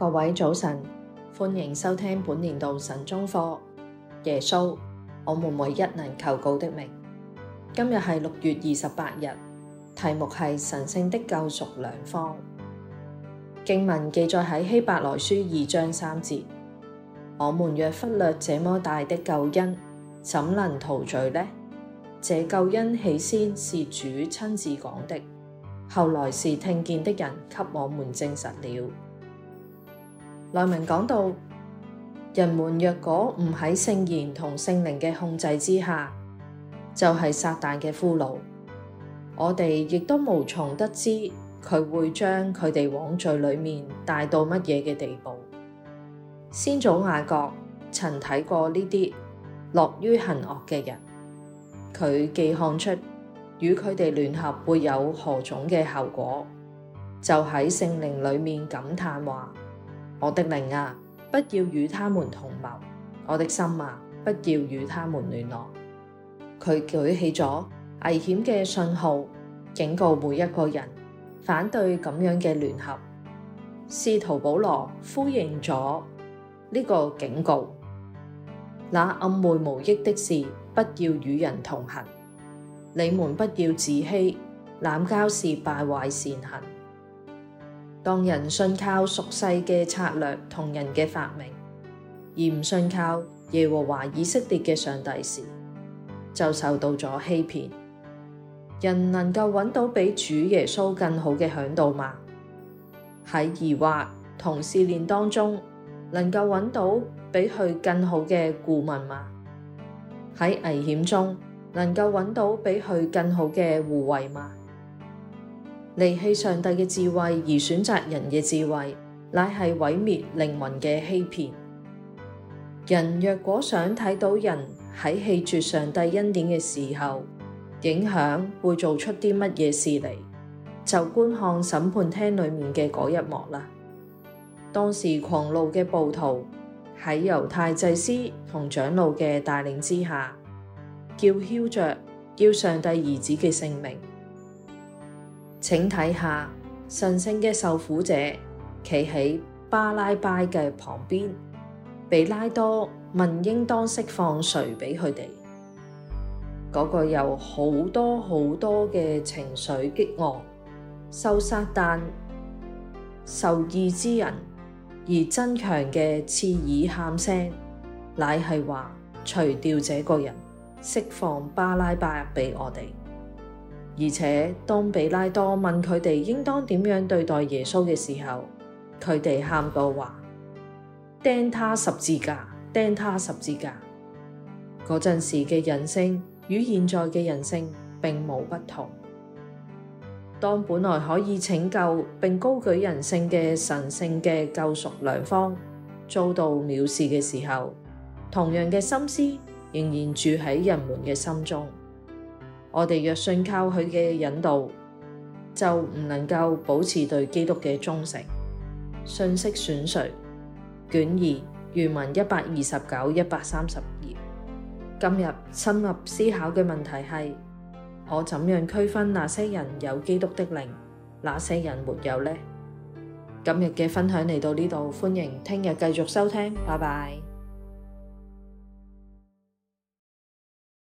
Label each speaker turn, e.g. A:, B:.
A: 各位早晨，歡迎收聽本年度晨鐘課。耶穌，我們唯一能求告的名。今日係六月二十八日，題目係神聖的救贖良方。經文記載喺希伯來書二章三節。我們若忽略這麼大的救恩，怎能逃罪呢？這救恩起先是主親自講的，後來是聽見的人給我們證實了。內文講到，人們若果唔喺聖言和聖靈的控制之下，就是撒旦的俘虜。我哋亦都無從得知會將他會將佢哋往罪裏面帶到乜嘢嘅地步。先祖雅各曾看過這些樂於行惡的人，佢既看出與佢哋聯合會有何種的後果，就在聖靈裏面感嘆話。我的靈啊，不要與他們同謀；我的心啊，不要與他們聯絡。他舉起了危險的信號，警告每一個人反對這樣的聯合。使徒保羅呼應了這個警告，那暗昧無益的事，不要與人同行。你們不要自欺，濫交是敗壞善行。當人信靠俗世嘅策略同人嘅發明，而唔信靠耶和華以色列嘅上帝時，就受到咗欺騙。人能夠揾到比主耶穌更好嘅嚮導嗎？喺疑惑同試煉當中，能夠揾到比佢更好嘅顧問嗎？喺危險中，能夠揾到比佢更好嘅護衛嗎？離棄上帝嘅智慧而選擇人嘅智慧，乃係毀滅靈魂嘅欺騙。人若果想睇到人喺棄絕上帝恩典嘅時候，影響會做出啲乜嘢事嚟，就觀看審判廳裏面嘅嗰一幕啦。當時狂怒嘅暴徒喺猶太祭司同長老嘅帶領之下，叫囂着叫上帝兒子嘅性命。請睇下，神聖嘅受苦者企喺巴拉巴嘅旁邊，比拉多問應當釋放誰畀佢哋？嗰、那個有好多好多嘅情緒激昂、受撒旦授意之人而增強嘅刺耳喊聲，乃係話：除掉這個人，釋放巴拉巴畀我哋。而且當彼拉多問佢哋應當點樣對待耶穌嘅時候，佢哋喊道：話釘他十字架，釘他十字架。嗰陣時嘅人性與現在嘅人性並無不同。當本來可以拯救並高舉人性嘅神聖嘅救贖良方遭到藐視嘅時候，同樣嘅心思仍然住喺人們嘅心中。我哋若信靠佢嘅引導，就唔能夠保持對基督嘅忠誠。信息選粹卷二原文一百二十九一百三十頁。今日深入思考嘅問題係我怎樣區分那些人有基督的靈，那些人沒有呢？今日嘅分享嚟到呢度，歡迎聽日繼續收聽，拜拜。